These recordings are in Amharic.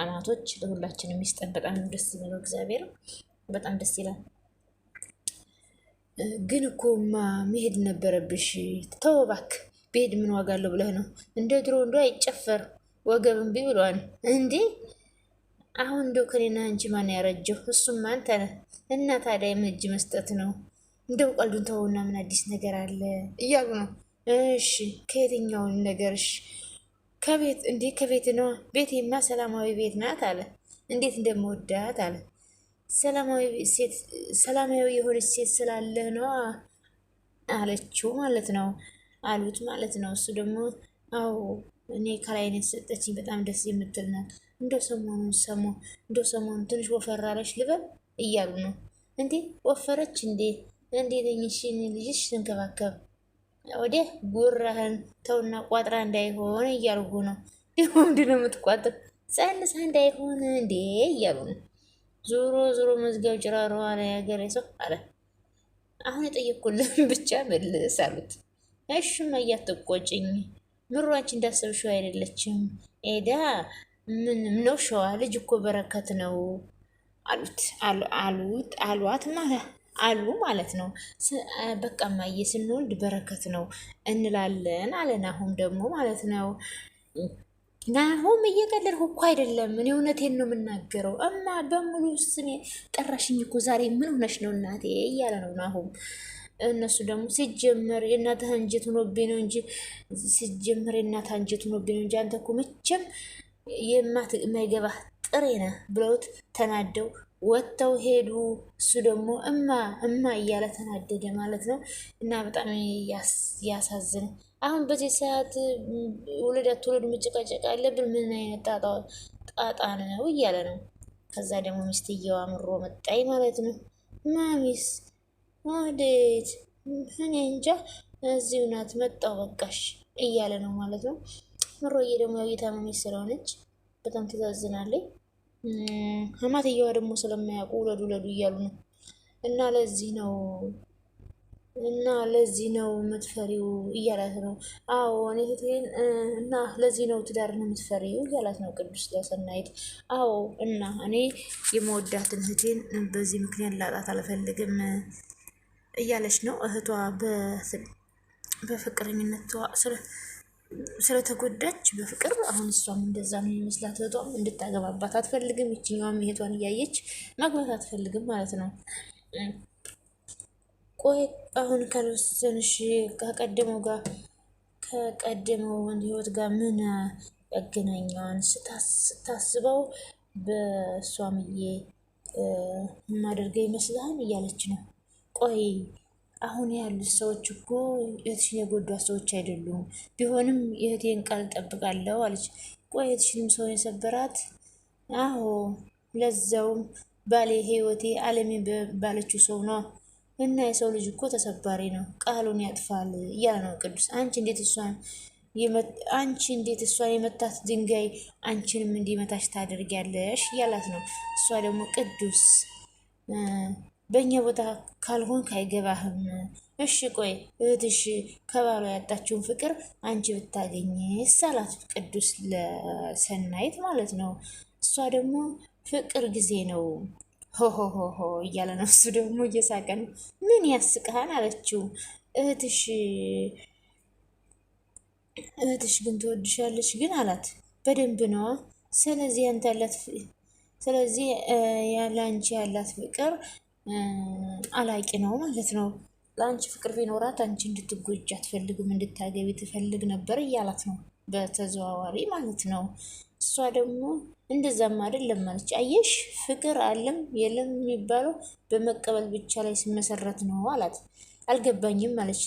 አናቶች ለሁላችንም ይስጠን። በጣም ደስ የሚለው እግዚአብሔር በጣም ደስ ይላል። ግን እኮማ መሄድ ነበረብሽ። ተው እባክህ ብሄድ ምን ዋጋ አለው ብለህ ነው? እንደ ድሮ እንዶ አይጨፈር ወገብን ቢ እንዴ? አሁን እንደው ከኔና አንቺ ማን ያረጀው? እሱም አንተ ነህ። እና ታዲያ የምን እጅ መስጠት ነው? እንደው ቀልዱን ተውና ምን አዲስ ነገር አለ እያሉ ነው። እሺ ከየትኛውን ነገርሽ ከቤት እንዴ ከቤት ነው። ቤቴማ ሰላማዊ ቤት ናት አለ። እንዴት እንደምወዳት አለ። ሰላማዊ ሴት ሰላማዊ የሆነች ሴት ስላለ ነው አለችው ማለት ነው አሉት ማለት ነው። እሱ ደግሞ አዎ እኔ ከላይ ነው የተሰጠችኝ በጣም ደስ የምትል ናት። እንደ ሰሞኑን ሰሞ እንደ ሰሞኑን ትንሽ ወፈራለች ልበል እያሉ ነው። እንዴ ወፈረች እንዴ እንዴ ነኝሽ ልጅሽ ስንከባከብ ወዲህ ጉራህን ተውና ቋጥራ እንዳይሆን እያልጉ ነው። ደግሞ ምንድን ነው የምትቋጥር ጸንሳ እንዳይሆን እንዴ እያሉ ነው። ዞሮ ዞሮ መዝጊያው ጭራሮ አለ ያገሬ ሰው አለ። አሁን የጠየኩልን ብቻ መልስ አሉት። እሽማ እያትቆጭኝ እንዳሰብ እንዳሰብሽው አይደለችም ኤዳ ምንም ነው ሸዋ ልጅ እኮ በረከት ነው አሉት አሉት አሏት ማለት አሉ ማለት ነው። በቃ እማዬ ስንወልድ በረከት ነው እንላለን አለን። አሁን ደግሞ ማለት ነው ናሆም እየቀለድኩ እኮ አይደለም፣ እኔ እውነቴን ነው የምናገረው። እማ በሙሉ ስሜ ጠራሽኝ እኮ ዛሬ ምን ሆነሽ ነው እናቴ እያለ ነው ናሆም። እነሱ ደግሞ ሲጀመር የእናተ አንጀት ሆኖብኝ ነው እንጂ ሲጀመር የእናተ አንጀት ሆኖብኝ ነው እንጂ አንተ እኮ መቼም የማይገባ ጥሬ ነህ ብለውት ተናደው ወጥተው ሄዱ። እሱ ደግሞ እማ እማ እያለ ተናደደ ማለት ነው። እና በጣም ያሳዝን። አሁን በዚህ ሰዓት ውልድ ትውልድ መጨቃጨቅ አለብን። ምን አይነት ጣጣ ነው እያለ ነው። ከዛ ደግሞ ሚስትየዋ ምሮ መጣይ ማለት ነው። ማሚስ ወዴት? እኔ እንጃ እዚሁ ናት መጣው በቃሽ እያለ ነው ማለት ነው። ምሮዬ ደግሞ ያው እየታመመች ስለሆነች በጣም ትዛዝናለች። አማትየዋ ደግሞ ስለማያውቁ ውለዱ ውለዱ እያሉ ነው። እና ለዚህ ነው እና ለዚህ ነው የምትፈሪው እያላት ነው። አዎ እኔ እህቴን እና ለዚህ ነው ትዳር ነው የምትፈሪው እያላት ነው ቅዱስ ለሰናይት። አዎ እና እኔ የመወዳትን እህቴን በዚህ ምክንያት ላጣት አልፈልግም እያለች ነው እህቷ በፍቅረኝነቷ ስለተጎዳች በፍቅር አሁን እሷም እንደዛ ነው የሚመስላት። እህቷም እንድታገባባት አትፈልግም። ይችኛዋም እህቷን እያየች ማግባት አትፈልግም ማለት ነው። ቆይ አሁን ከልስንሽ ከቀደመው ጋር ወንድ ህይወት ጋር ምን ያገናኘዋን ስታስበው በእሷምዬ የማደርገው ይመስልሃል እያለች ነው ቆይ አሁን ያሉት ሰዎች እኮ እህትሽን የጎዷት ሰዎች አይደሉም። ቢሆንም የእህቴን ቃል እጠብቃለሁ አለች። ቆይ እህትሽንም ሰው የሰበራት? አዎ፣ ለዛውም ባሌ ህይወቴ አለሜ ባለችው ሰው ነው። እና የሰው ልጅ እኮ ተሰባሪ ነው፣ ቃሉን ያጥፋል እያለ ነው ቅዱስ። አንቺ እንዴት እሷን አንቺ እንዴት እሷን የመታት ድንጋይ አንቺንም እንዲመታሽ ታደርጊያለሽ? እያላት ነው። እሷ ደግሞ ቅዱስ በእኛ ቦታ ካልሆንክ አይገባህም። እሺ ቆይ እህትሽ ከባሏ ያጣችውን ፍቅር አንቺ ብታገኝ ሳላት ቅዱስ ለሰናይት ማለት ነው። እሷ ደግሞ ፍቅር ጊዜ ነው ሆሆሆሆ እያለ ነው። እሱ ደግሞ እየሳቀ ነው። ምን ያስቀሃን አለችው። እህትሽ እህትሽ ግን ትወድሻለች ግን አላት። በደንብ ነዋ። ስለዚህ ያንተ ያላት ስለዚህ ያለ አንቺ ያላት ፍቅር አላቂ ነው ማለት ነው። ለአንቺ ፍቅር ቢኖራት አንቺ እንድትጎጅ አትፈልግም፣ እንድታገቢ ትፈልግ ነበር እያላት ነው በተዘዋዋሪ ማለት ነው። እሷ ደግሞ እንደዛም አይደለም አለች። አየሽ ፍቅር አለም የለም የሚባለው በመቀበል ብቻ ላይ ሲመሰረት ነው አላት። አልገባኝም አለች።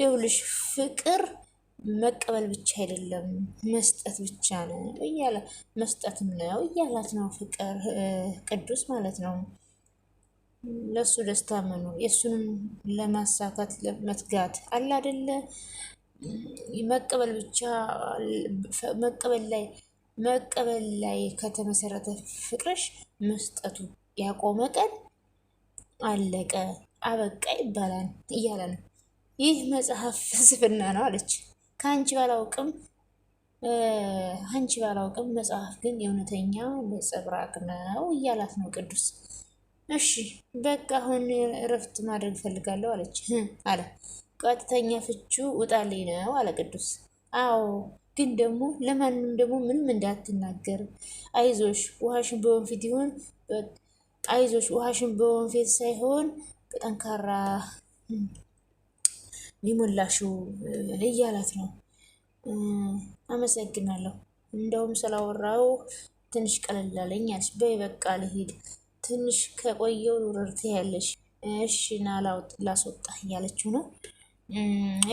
ይኸውልሽ ፍቅር መቀበል ብቻ አይደለም መስጠት ብቻ ነው እያለ መስጠትም ነው እያላት ነው ፍቅር ቅዱስ ማለት ነው። ለእሱ ደስታ መኖር የእሱንም ለማሳካት መትጋት አለ አይደለ መቀበል ብቻ መቀበል ላይ መቀበል ላይ ከተመሰረተ ፍቅርሽ መስጠቱ ያቆመ ቀን አለቀ አበቃ ይባላል እያለ ነው። ይህ መጽሐፍ ፍልስፍና ነው አለች። ከአንቺ ባላውቅም አንቺ ባላውቅም መጽሐፍ ግን የእውነተኛ ነጸብራቅ ነው እያላት ነው ቅዱስ። እሺ በቃ አሁን እረፍት ማድረግ እፈልጋለሁ አለች አለ። ቀጥተኛ ፍቹ ውጣልኝ ነው አለ ቅዱስ። አዎ ግን ደግሞ ለማንም ደግሞ ምንም እንዳትናገር አይዞሽ፣ ውሃሽን በወንፊት ይሁን አይዞሽ፣ ውሃሽን በወንፊት ሳይሆን ጠንካራ ሊሞላሹ እያላት ነው። አመሰግናለሁ እንደውም ስላወራው ትንሽ ቀለል አለኝ አለች። በይ በቃ ልሂድ፣ ትንሽ ከቆየው ውርርት ያለሽ እሺ ና ላስወጣ እያለችው ነው።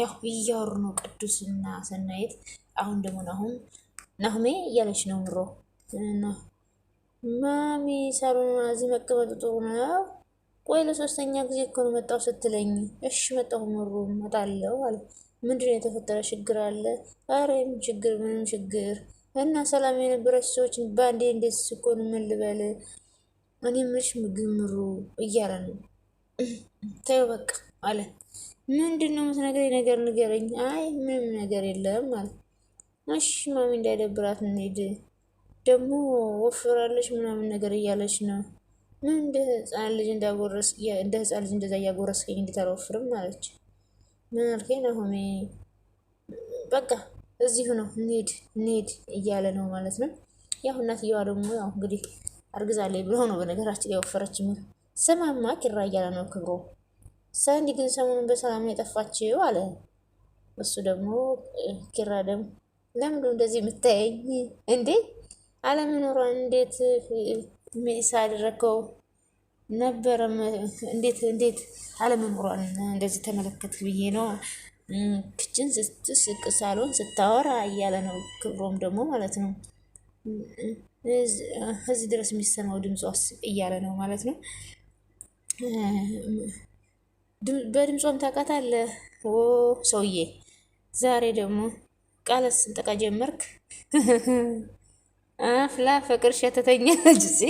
ያው እያወሩ ነው ቅዱስና ሰናየት። አሁን ደግሞ ናሁም ናሁሜ እያለች ነው ምሮ ማሚ ሳሎን እዚህ መቀመጡ ጥሩ ነው ቆይ ለሶስተኛ ጊዜ እኮ ነው መጣው ስትለኝ፣ እሺ መጣሁ ምሩ መጣለው አለ። ምንድን ነው የተፈጠረ? ችግር አለ? ኧረ ችግር ምንም ችግር እና ሰላም የነበረች ሰዎች በአንዴ እንዴት ስኮን ምን ልበል? እኔ ምሽ ምግብ ምሩ እያለ ነው። ተይው በቃ አለ። ምንድን ነው የምትነግረኝ ነገር ንገረኝ። አይ ምንም ነገር የለም አለ። እሺ ማሚ እንዳይደብራት እንሄድ ደግሞ ወፍራለች ምናምን ነገር እያለች ነው እንደ ህፃን ልጅ እንደ ህፃን ልጅ እንደዛ እያጎረስከኝ እንዴት አልወፍርም አለች። ምን አልከኝ ናሆሜ? በቃ እዚሁ ነው እንሂድ እንሂድ እያለ ነው ማለት ነው። ያው እናትየዋ ደግሞ ያው እንግዲህ አርግዛለች ብሎ ነው በነገራችን ያወፈረች ምን ስማማ ኪራ እያለ ነው ክብሮ። ሳንዲ ግን ሰሞኑን በሰላም ነው የጠፋችው አለ። እሱ ደግሞ ኪራ ደግሞ ለምንድነው እንደዚህ የምታየኝ እንዴ? አለመኖሯ እንዴት ምሳ አደረገው ነበረ። እንዴት እንዴት አለመኖሯን እንደዚህ ተመለከት ብዬ ነው። ክችን ስትስቅ ሳሎን ስታወራ እያለ ነው። ክብሮም ደግሞ ማለት ነው እዚህ ድረስ የሚሰማው ድምጿ እያለ ነው ማለት ነው። በድምጿም ታውቃታለህ ሰውዬ። ዛሬ ደግሞ ቃለ ስንጠቃ ጀመርክ። አፍላ ፍቅር ሸተተኛለች። ዜ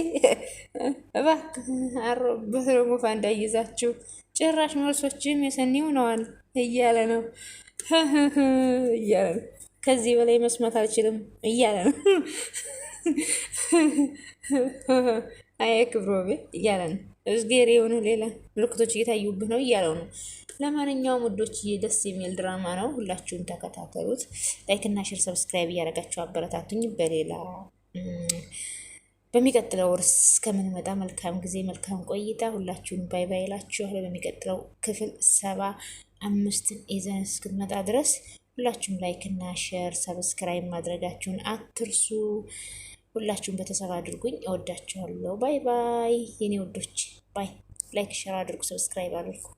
እባክህ አሮበት ደግሞ ፋንዳ ይዛችሁ ጭራሽ መልሶችም የሰኒ ሆነዋል እያለ ነው እያለ ነው። ከዚህ በላይ መስማት አልችልም እያለ ነው። አይ ክብሮቤ እያለ ነው። እዝጌር የሆነ ሌላ ምልክቶች እየታዩብህ ነው እያለው ነው። ለማንኛውም ውዶች ደስ የሚል ድራማ ነው። ሁላችሁም ተከታተሉት። ላይክና ሽር ሰብስክራይብ እያደረጋችሁ አበረታቱኝ በሌላ በሚቀጥለው እርስ እስከምንመጣ መልካም ጊዜ መልካም ቆይታ። ሁላችሁን ባይ ባይ እላችኋለሁ። በሚቀጥለው ክፍል ሰባ አምስትን ይዘን እስክንመጣ ድረስ ሁላችሁም ላይክ እና ሼር ሰብስክራይብ ማድረጋችሁን አትርሱ። ሁላችሁም በተሰብ አድርጉኝ። እወዳችኋለሁ። ባይ ባይ የኔ ወዶች ባይ። ላይክ ሼር አድርጉ፣ ሰብስክራይብ አድርጉ።